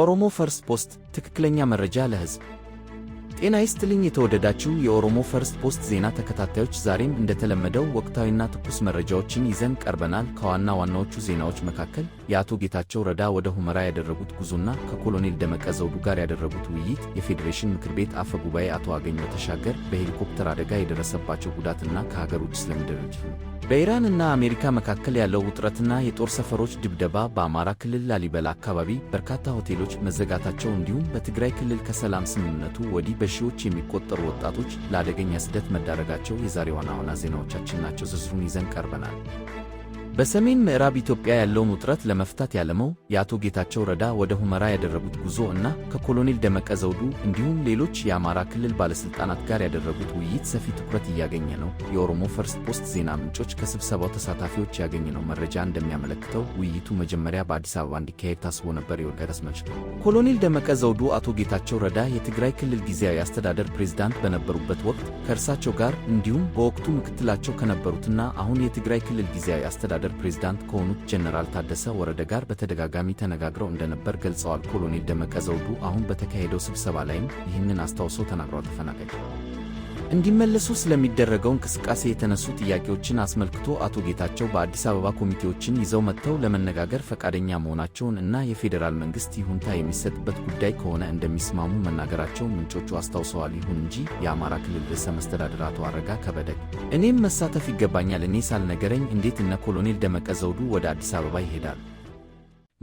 ኦሮሞ ፈርስት ፖስት ትክክለኛ መረጃ ለህዝብ ጤና ይስጥልኝ የተወደዳችሁ የኦሮሞ ፈርስት ፖስት ዜና ተከታታዮች፣ ዛሬም እንደተለመደው ወቅታዊና ትኩስ መረጃዎችን ይዘን ቀርበናል። ከዋና ዋናዎቹ ዜናዎች መካከል የአቶ ጌታቸው ረዳ ወደ ሁመራ ያደረጉት ጉዞና ከኮሎኔል ደመቀ ዘውዱ ጋር ያደረጉት ውይይት፣ የፌዴሬሽን ምክር ቤት አፈ ጉባኤ አቶ አገኘሁ ተሻገር በሄሊኮፕተር አደጋ የደረሰባቸው ጉዳትና ከሀገር ውጭ ስለሚደረግ በኢራን እና አሜሪካ መካከል ያለው ውጥረትና የጦር ሰፈሮች ድብደባ በአማራ ክልል ላሊበላ አካባቢ በርካታ ሆቴሎች መዘጋታቸው እንዲሁም በትግራይ ክልል ከሰላም ስምምነቱ ወዲህ በሺዎች የሚቆጠሩ ወጣቶች ለአደገኛ ስደት መዳረጋቸው የዛሬ ዋና ዋና ዜናዎቻችን ናቸው። ዝርዝሩን ይዘን ቀርበናል። በሰሜን ምዕራብ ኢትዮጵያ ያለውን ውጥረት ለመፍታት ያለመው የአቶ ጌታቸው ረዳ ወደ ሁመራ ያደረጉት ጉዞ እና ከኮሎኔል ደመቀ ዘውዱ እንዲሁም ሌሎች የአማራ ክልል ባለሥልጣናት ጋር ያደረጉት ውይይት ሰፊ ትኩረት እያገኘ ነው። የኦሮሞ ፈርስት ፖስት ዜና ምንጮች ከስብሰባው ተሳታፊዎች ያገኘነው መረጃ እንደሚያመለክተው ውይይቱ መጀመሪያ በአዲስ አበባ እንዲካሄድ ታስቦ ነበር። የወልቀረስ መች ኮሎኔል ደመቀ ዘውዱ አቶ ጌታቸው ረዳ የትግራይ ክልል ጊዜያዊ አስተዳደር ፕሬዝዳንት በነበሩበት ወቅት ከእርሳቸው ጋር እንዲሁም በወቅቱ ምክትላቸው ከነበሩትና አሁን የትግራይ ክልል ጊዜያዊ አስተዳደር አስተዳደር ፕሬዝዳንት ከሆኑት ጀነራል ታደሰ ወረደ ጋር በተደጋጋሚ ተነጋግረው እንደነበር ገልጸዋል። ኮሎኔል ደመቀ ዘውዱ አሁን በተካሄደው ስብሰባ ላይም ይህንን አስታውሶ ተናግረው ተፈናቃይ እንዲመለሱ ስለሚደረገው እንቅስቃሴ የተነሱ ጥያቄዎችን አስመልክቶ አቶ ጌታቸው በአዲስ አበባ ኮሚቴዎችን ይዘው መጥተው ለመነጋገር ፈቃደኛ መሆናቸውን እና የፌዴራል መንግስት ይሁንታ የሚሰጥበት ጉዳይ ከሆነ እንደሚስማሙ መናገራቸው ምንጮቹ አስታውሰዋል። ይሁን እንጂ የአማራ ክልል ርዕሰ መስተዳድር አቶ አረጋ ከበደ እኔም መሳተፍ ይገባኛል፣ እኔ ሳልነገረኝ እንዴት እነ ኮሎኔል ደመቀ ዘውዱ ወደ አዲስ አበባ ይሄዳሉ?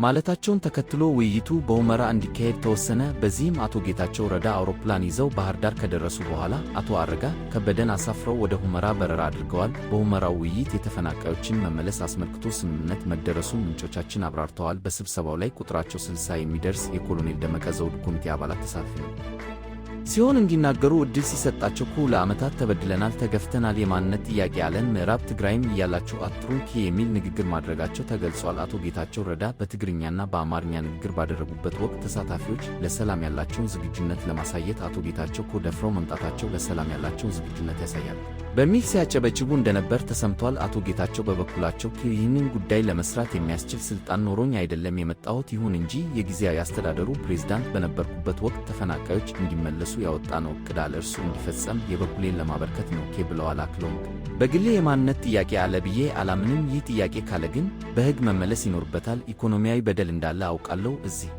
ማለታቸውን ተከትሎ ውይይቱ በሁመራ እንዲካሄድ ተወሰነ። በዚህም አቶ ጌታቸው ረዳ አውሮፕላን ይዘው ባህር ዳር ከደረሱ በኋላ አቶ አረጋ ከበደን አሳፍረው ወደ ሁመራ በረራ አድርገዋል። በሁመራው ውይይት የተፈናቃዮችን መመለስ አስመልክቶ ስምምነት መደረሱ ምንጮቻችን አብራርተዋል። በስብሰባው ላይ ቁጥራቸው ስልሳ የሚደርስ የኮሎኔል ደመቀ ዘውድ ኮሚቴ አባላት ተሳትፈዋል። ሲሆን እንዲናገሩ ዕድል ሲሰጣቸው ኩ ለዓመታት ተበድለናል፣ ተገፍተናል፣ የማንነት ጥያቄ ያለን ምዕራብ ትግራይም እያላችሁ አትሩኪ የሚል ንግግር ማድረጋቸው ተገልጿል። አቶ ጌታቸው ረዳ በትግርኛና በአማርኛ ንግግር ባደረጉበት ወቅት ተሳታፊዎች ለሰላም ያላቸውን ዝግጁነት ለማሳየት አቶ ጌታቸው ኩ ደፍረው መምጣታቸው ለሰላም ያላቸውን ዝግጁነት ያሳያል በሚል ሲያጨበጭቡ እንደነበር ተሰምቷል። አቶ ጌታቸው በበኩላቸው ይህንን ጉዳይ ለመስራት የሚያስችል ስልጣን ኖሮኝ አይደለም የመጣሁት፣ ይሁን እንጂ የጊዜያዊ አስተዳደሩ ፕሬዝዳንት በነበርኩበት ወቅት ተፈናቃዮች እንዲመለሱ ለእሱ ያወጣነው እቅድ አለ እርሱ እንዲፈጸም የበኩሌን ለማበርከት ነው ኬ ብለዋል። አክሎም በግሌ የማንነት ጥያቄ አለ ብዬ አላምንም። ይህ ጥያቄ ካለ ግን በሕግ መመለስ ይኖርበታል። ኢኮኖሚያዊ በደል እንዳለ አውቃለሁ። እዚህ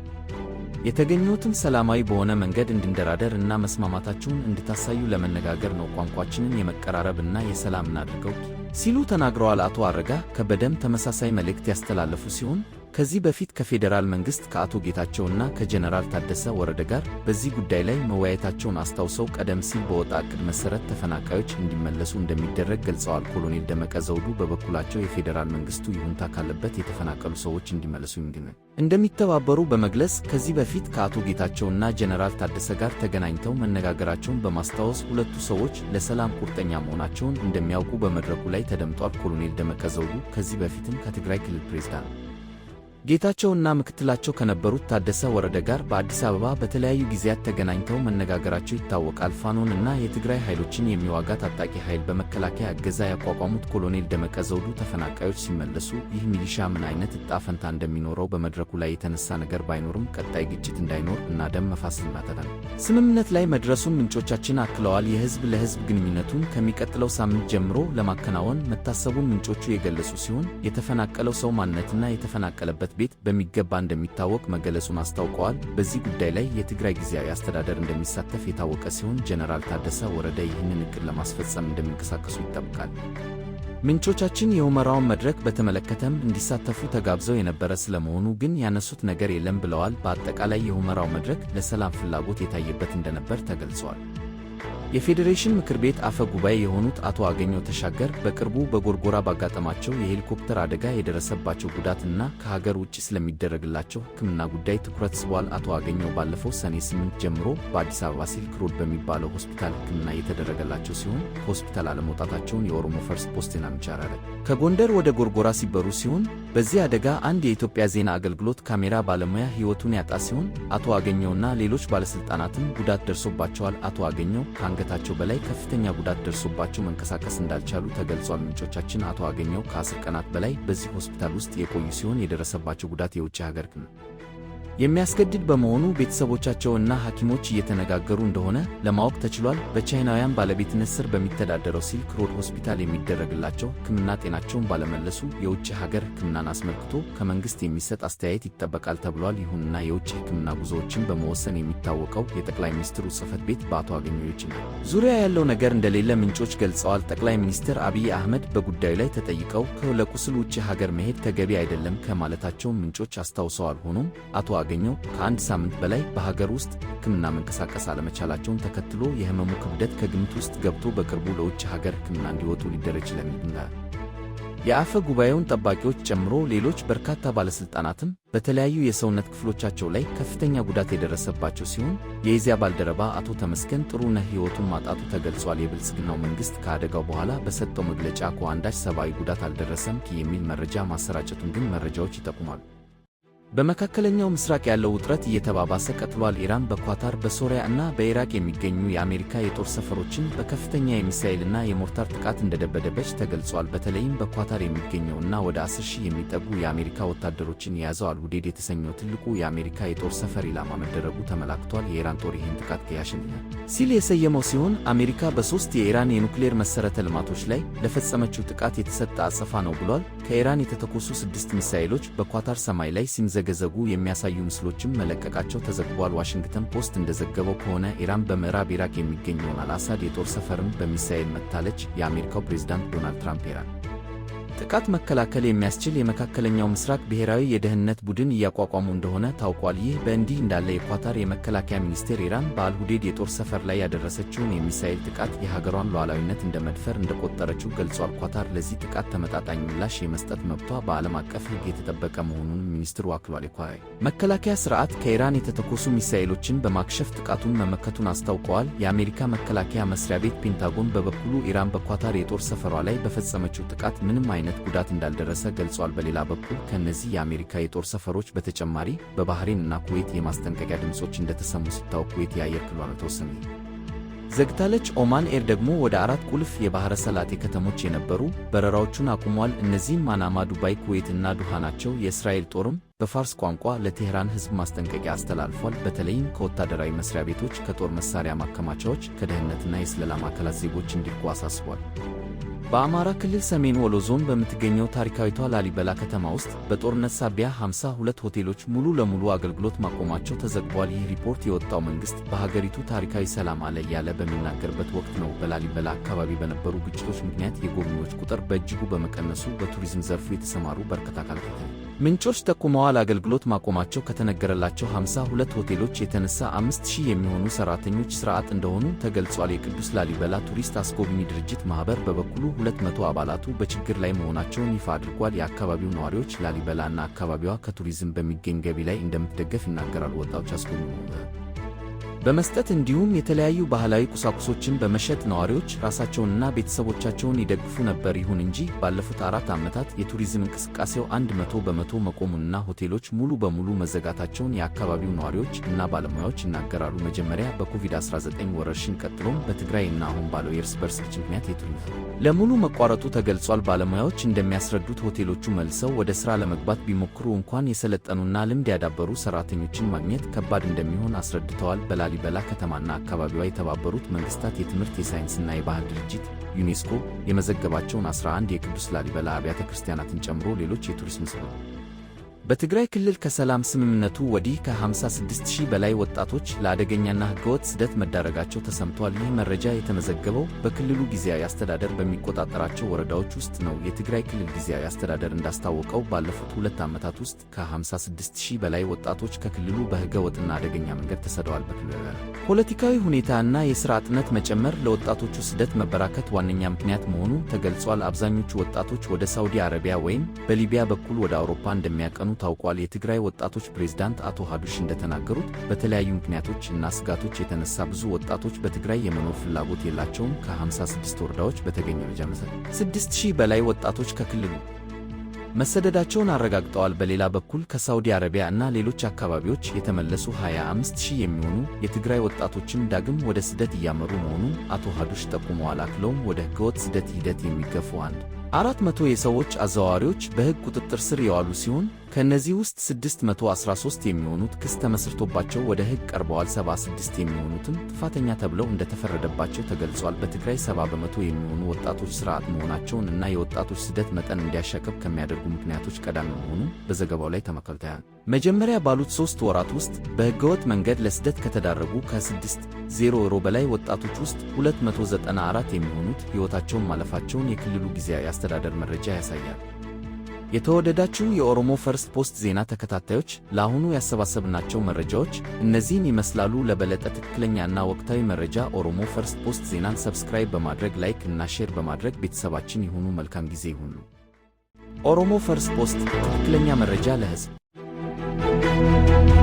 የተገኙትም ሰላማዊ በሆነ መንገድ እንድንደራደር እና መስማማታችሁን እንድታሳዩ ለመነጋገር ነው። ቋንቋችንን የመቀራረብ እና የሰላም እናድርገው ሲሉ ተናግረዋል። አቶ አረጋ ከበደም ተመሳሳይ መልእክት ያስተላለፉ ሲሆን ከዚህ በፊት ከፌዴራል መንግስት ከአቶ ጌታቸውና ከጀነራል ታደሰ ወረደ ጋር በዚህ ጉዳይ ላይ መወያየታቸውን አስታውሰው ቀደም ሲል በወጣ ዕቅድ መሰረት ተፈናቃዮች እንዲመለሱ እንደሚደረግ ገልጸዋል። ኮሎኔል ደመቀ ዘውዱ በበኩላቸው የፌዴራል መንግስቱ ይሁንታ ካለበት የተፈናቀሉ ሰዎች እንዲመለሱ ይምግናል እንደሚተባበሩ በመግለጽ ከዚህ በፊት ከአቶ ጌታቸውና ጀነራል ታደሰ ጋር ተገናኝተው መነጋገራቸውን በማስታወስ ሁለቱ ሰዎች ለሰላም ቁርጠኛ መሆናቸውን እንደሚያውቁ በመድረኩ ላይ ተደምጧል። ኮሎኔል ደመቀ ዘውዱ ከዚህ በፊትም ከትግራይ ክልል ፕሬዝዳንት ጌታቸውና ምክትላቸው ከነበሩት ታደሰ ወረደ ጋር በአዲስ አበባ በተለያዩ ጊዜያት ተገናኝተው መነጋገራቸው ይታወቃል። ፋኖን እና የትግራይ ኃይሎችን የሚዋጋ ታጣቂ ኃይል በመከላከያ እገዛ ያቋቋሙት ኮሎኔል ደመቀ ዘውዱ ተፈናቃዮች ሲመለሱ ይህ ሚሊሻ ምን አይነት እጣ ፈንታ እንደሚኖረው በመድረኩ ላይ የተነሳ ነገር ባይኖርም ቀጣይ ግጭት እንዳይኖር እና ደም መፋስ ተዳን ስምምነት ላይ መድረሱን ምንጮቻችን አክለዋል። የህዝብ ለህዝብ ግንኙነቱን ከሚቀጥለው ሳምንት ጀምሮ ለማከናወን መታሰቡን ምንጮቹ የገለጹ ሲሆን የተፈናቀለው ሰው ማንነትና የተፈናቀለበት ቤት በሚገባ እንደሚታወቅ መገለጹን አስታውቀዋል። በዚህ ጉዳይ ላይ የትግራይ ጊዜያዊ አስተዳደር እንደሚሳተፍ የታወቀ ሲሆን ጀነራል ታደሰ ወረደ ይህንን እቅድ ለማስፈጸም እንደሚንቀሳቀሱ ይጠብቃል። ምንጮቻችን የሁመራውን መድረክ በተመለከተም እንዲሳተፉ ተጋብዘው የነበረ ስለመሆኑ ግን ያነሱት ነገር የለም ብለዋል። በአጠቃላይ የሁመራው መድረክ ለሰላም ፍላጎት የታየበት እንደነበር ተገልጿል። የፌዴሬሽን ምክር ቤት አፈ ጉባኤ የሆኑት አቶ አገኘው ተሻገር በቅርቡ በጎርጎራ ባጋጠማቸው የሄሊኮፕተር አደጋ የደረሰባቸው ጉዳትና ከሀገር ውጭ ስለሚደረግላቸው ሕክምና ጉዳይ ትኩረት ስቧል። አቶ አገኘው ባለፈው ሰኔ ስምንት ጀምሮ በአዲስ አበባ ሲልክ ሮድ በሚባለው ሆስፒታል ሕክምና የተደረገላቸው ሲሆን ከሆስፒታል አለመውጣታቸውን የኦሮሞ ፈርስት ፖስት ናምቻራረ ከጎንደር ወደ ጎርጎራ ሲበሩ ሲሆን በዚህ አደጋ አንድ የኢትዮጵያ ዜና አገልግሎት ካሜራ ባለሙያ ሕይወቱን ያጣ ሲሆን አቶ አገኘውና ሌሎች ባለሥልጣናትም ጉዳት ደርሶባቸዋል። አቶ አገኘው ከአንገ ከአንገታቸው በላይ ከፍተኛ ጉዳት ደርሶባቸው መንቀሳቀስ እንዳልቻሉ ተገልጿል። ምንጮቻችን አቶ አገኘው ከአስር ቀናት በላይ በዚህ ሆስፒታል ውስጥ የቆዩ ሲሆን የደረሰባቸው ጉዳት የውጭ ሀገር የሚያስገድድ በመሆኑ ቤተሰቦቻቸውና ሐኪሞች እየተነጋገሩ እንደሆነ ለማወቅ ተችሏል። በቻይናውያን ባለቤትነት ስር በሚተዳደረው ሲልክ ሮድ ሆስፒታል የሚደረግላቸው ሕክምና ጤናቸውን ባለመለሱ የውጭ ሀገር ሕክምናን አስመልክቶ ከመንግሥት የሚሰጥ አስተያየት ይጠበቃል ተብሏል። ይሁንና የውጭ ሕክምና ጉዞዎችን በመወሰን የሚታወቀው የጠቅላይ ሚኒስትሩ ጽፈት ቤት በአቶ አገኘዎች ዙሪያ ያለው ነገር እንደሌለ ምንጮች ገልጸዋል። ጠቅላይ ሚኒስትር አብይ አህመድ በጉዳዩ ላይ ተጠይቀው ለቁስል ውጭ ሀገር መሄድ ተገቢ አይደለም ከማለታቸውን ምንጮች አስታውሰዋል። ሆኖም አቶ ባገኘው ከአንድ ሳምንት በላይ በሀገር ውስጥ ሕክምና መንቀሳቀስ አለመቻላቸውን ተከትሎ የህመሙ ክብደት ከግምት ውስጥ ገብቶ በቅርቡ ለውጭ ሀገር ሕክምና እንዲወጡ ሊደረግ ይችላል። የአፈ ጉባኤውን ጠባቂዎች ጨምሮ ሌሎች በርካታ ባለሥልጣናትም በተለያዩ የሰውነት ክፍሎቻቸው ላይ ከፍተኛ ጉዳት የደረሰባቸው ሲሆን የኢዜአ ባልደረባ አቶ ተመስገን ጥሩነህ ሕይወቱን ማጣቱ ተገልጿል። የብልጽግናው መንግሥት ከአደጋው በኋላ በሰጠው መግለጫ ከአንዳች ሰብአዊ ጉዳት አልደረሰም የሚል መረጃ ማሰራጨቱን ግን መረጃዎች ይጠቁማሉ። በመካከለኛው ምስራቅ ያለው ውጥረት እየተባባሰ ቀጥሏል። ኢራን በኳታር በሶሪያ እና በኢራቅ የሚገኙ የአሜሪካ የጦር ሰፈሮችን በከፍተኛ የሚሳኤልና የሞርታር ጥቃት እንደደበደበች ተገልጿል። በተለይም በኳታር እና ወደ 10 ሺህ የሚጠጉ የአሜሪካ ወታደሮችን የያዘው አልውዴድ የተሰኘው ትልቁ የአሜሪካ የጦር ሰፈር ኢላማ መደረጉ ተመላክቷል። የኢራን ጦር ይህን ጥቃት ከያሽኛ ሲል የሰየመው ሲሆን አሜሪካ በሦስት የኢራን የኑክሌር መሠረተ ልማቶች ላይ ለፈጸመችው ጥቃት የተሰጠ አጸፋ ነው ብሏል። ከኢራን የተተኮሱ ስድስት ሚሳኤሎች በኳታር ሰማይ ላይ ሲምዝ እንደተዘገዘጉ የሚያሳዩ ምስሎችም መለቀቃቸው ተዘግቧል። ዋሽንግተን ፖስት እንደዘገበው ከሆነ ኢራን በምዕራብ ኢራቅ የሚገኘውን አልአሳድ የጦር ሰፈርም በሚሳኤል መታለች። የአሜሪካው ፕሬዝዳንት ዶናልድ ትራምፕ ኢራን ጥቃት መከላከል የሚያስችል የመካከለኛው ምስራቅ ብሔራዊ የደህንነት ቡድን እያቋቋሙ እንደሆነ ታውቋል። ይህ በእንዲህ እንዳለ የኳታር የመከላከያ ሚኒስቴር ኢራን በአልሁዴድ የጦር ሰፈር ላይ ያደረሰችውን የሚሳኤል ጥቃት የሀገሯን ሉዓላዊነት እንደ መድፈር እንደቆጠረችው ገልጿል። ኳታር ለዚህ ጥቃት ተመጣጣኝ ምላሽ የመስጠት መብቷ በዓለም አቀፍ ሕግ የተጠበቀ መሆኑን ሚኒስትሩ አክሏል። የኳ መከላከያ ስርዓት ከኢራን የተተኮሱ ሚሳኤሎችን በማክሸፍ ጥቃቱን መመከቱን አስታውቀዋል። የአሜሪካ መከላከያ መስሪያ ቤት ፔንታጎን በበኩሉ ኢራን በኳታር የጦር ሰፈሯ ላይ በፈጸመችው ጥቃት ምንም አይነት አይነት ጉዳት እንዳልደረሰ ገልጿል። በሌላ በኩል ከእነዚህ የአሜሪካ የጦር ሰፈሮች በተጨማሪ በባህሬን እና ኩዌት የማስጠንቀቂያ ድምፆች እንደተሰሙ ሲታወቅ ኩዌት የአየር ክልሏን በተወሰነ ዘግታለች። ኦማን ኤር ደግሞ ወደ አራት ቁልፍ የባህረ ሰላጤ ከተሞች የነበሩ በረራዎቹን አቁሟል። እነዚህም ማናማ፣ ዱባይ፣ ኩዌት እና ዱሃ ናቸው። የእስራኤል ጦርም በፋርስ ቋንቋ ለቴህራን ሕዝብ ማስጠንቀቂያ አስተላልፏል። በተለይም ከወታደራዊ መስሪያ ቤቶች፣ ከጦር መሳሪያ ማከማቻዎች፣ ከደህንነትና የስለላ ማዕከላት ዜጎች እንዲልኩ አሳስቧል። በአማራ ክልል ሰሜን ወሎ ዞን በምትገኘው ታሪካዊቷ ላሊበላ ከተማ ውስጥ በጦርነት ሳቢያ 52 ሆቴሎች ሙሉ ለሙሉ አገልግሎት ማቆማቸው ተዘግቧል። ይህ ሪፖርት የወጣው መንግስት በሀገሪቱ ታሪካዊ ሰላም አለ እያለ በሚናገርበት ወቅት ነው። በላሊበላ አካባቢ በነበሩ ግጭቶች ምክንያት የጎብኚዎች ቁጥር በእጅጉ በመቀነሱ በቱሪዝም ዘርፉ የተሰማሩ በርካታ አካላት ምንጮች ጠቁመዋል። አገልግሎት ማቆማቸው ከተነገረላቸው 52 ሆቴሎች የተነሳ 5000 የሚሆኑ ሰራተኞች ስርዓት እንደሆኑ ተገልጿል። የቅዱስ ላሊበላ ቱሪስት አስጎብኚ ድርጅት ማህበር በበኩሉ ሁለት መቶ አባላቱ በችግር ላይ መሆናቸውን ይፋ አድርጓል። የአካባቢው ነዋሪዎች ላሊበላ ና አካባቢዋ ከቱሪዝም በሚገኝ ገቢ ላይ እንደምትደገፍ ይናገራሉ። ወጣቶች አስገኙ በመስጠት እንዲሁም የተለያዩ ባህላዊ ቁሳቁሶችን በመሸጥ ነዋሪዎች ራሳቸውንና ቤተሰቦቻቸውን ይደግፉ ነበር። ይሁን እንጂ ባለፉት አራት ዓመታት የቱሪዝም እንቅስቃሴው አንድ መቶ በመቶ መቆሙንና ሆቴሎች ሙሉ በሙሉ መዘጋታቸውን የአካባቢው ነዋሪዎች እና ባለሙያዎች ይናገራሉ። መጀመሪያ በኮቪድ-19 ወረርሽኝ ቀጥሎም በትግራይ እና አሁን ባለው የእርስ በርስ ግጭት ምክንያት የቱሪዝም ለሙሉ መቋረጡ ተገልጿል። ባለሙያዎች እንደሚያስረዱት ሆቴሎቹ መልሰው ወደ ሥራ ለመግባት ቢሞክሩ እንኳን የሰለጠኑና ልምድ ያዳበሩ ሠራተኞችን ማግኘት ከባድ እንደሚሆን አስረድተዋል። በላሊ ላሊበላ ከተማና አካባቢዋ የተባበሩት መንግስታት የትምህርት የሳይንስና የባህል ድርጅት ዩኔስኮ የመዘገባቸውን 11 የቅዱስ ላሊበላ አብያተ ክርስቲያናትን ጨምሮ ሌሎች የቱሪስት መስህቦች በትግራይ ክልል ከሰላም ስምምነቱ ወዲህ ከ56 ሺህ በላይ ወጣቶች ለአደገኛና ህገወጥ ስደት መዳረጋቸው ተሰምቷል። ይህ መረጃ የተመዘገበው በክልሉ ጊዜያዊ አስተዳደር በሚቆጣጠራቸው ወረዳዎች ውስጥ ነው። የትግራይ ክልል ጊዜያዊ አስተዳደር እንዳስታወቀው ባለፉት ሁለት ዓመታት ውስጥ ከ56 ሺህ በላይ ወጣቶች ከክልሉ በሕገ ወጥና አደገኛ መንገድ ተሰደዋል። በክልሉ ፖለቲካዊ ሁኔታና የሥራ አጥነት መጨመር ለወጣቶቹ ስደት መበራከት ዋነኛ ምክንያት መሆኑ ተገልጿል። አብዛኞቹ ወጣቶች ወደ ሳውዲ አረቢያ ወይም በሊቢያ በኩል ወደ አውሮፓ እንደሚያቀኑ መሆኑ ታውቋል። የትግራይ ወጣቶች ፕሬዝዳንት አቶ ሀዱሽ እንደተናገሩት በተለያዩ ምክንያቶች እና ስጋቶች የተነሳ ብዙ ወጣቶች በትግራይ የመኖር ፍላጎት የላቸውም። ከ56 ወረዳዎች በተገኘ መረጃ መሰረት 6000 በላይ ወጣቶች ከክልሉ መሰደዳቸውን አረጋግጠዋል። በሌላ በኩል ከሳውዲ አረቢያ እና ሌሎች አካባቢዎች የተመለሱ 25000 ሺህ የሚሆኑ የትግራይ ወጣቶችም ዳግም ወደ ስደት እያመሩ መሆኑን አቶ ሀዱሽ ጠቁመዋል። አክለውም ወደ ሕገወጥ ስደት ሂደት የሚገፉ አንድ አራት መቶ የሰዎች አዘዋዋሪዎች በሕግ ቁጥጥር ስር የዋሉ ሲሆን ከእነዚህ ውስጥ 613 የሚሆኑት ክስ ተመስርቶባቸው ወደ ሕግ ቀርበዋል። 76 የሚሆኑትም ጥፋተኛ ተብለው እንደተፈረደባቸው ተገልጿል። በትግራይ 70 በመቶ የሚሆኑ ወጣቶች ስርዓት መሆናቸውን እና የወጣቶች ስደት መጠን እንዲያሻቅብ ከሚያደርጉ ምክንያቶች ቀዳሚ መሆኑን በዘገባው ላይ ተመልክተናል። መጀመሪያ ባሉት ሦስት ወራት ውስጥ በሕገወጥ መንገድ ለስደት ከተዳረጉ ከ600 በላይ ወጣቶች ውስጥ 294 የሚሆኑት ሕይወታቸውን ማለፋቸውን የክልሉ ጊዜያዊ አስተዳደር መረጃ ያሳያል። የተወደዳችሁ የኦሮሞ ፈርስት ፖስት ዜና ተከታታዮች ለአሁኑ ያሰባሰብናቸው መረጃዎች እነዚህን ይመስላሉ። ለበለጠ ትክክለኛና ወቅታዊ መረጃ ኦሮሞ ፈርስት ፖስት ዜናን ሰብስክራይብ በማድረግ ላይክ እና ሼር በማድረግ ቤተሰባችን ይሁኑ። መልካም ጊዜ ይሁኑ። ኦሮሞ ፈርስት ፖስት ትክክለኛ መረጃ ለሕዝብ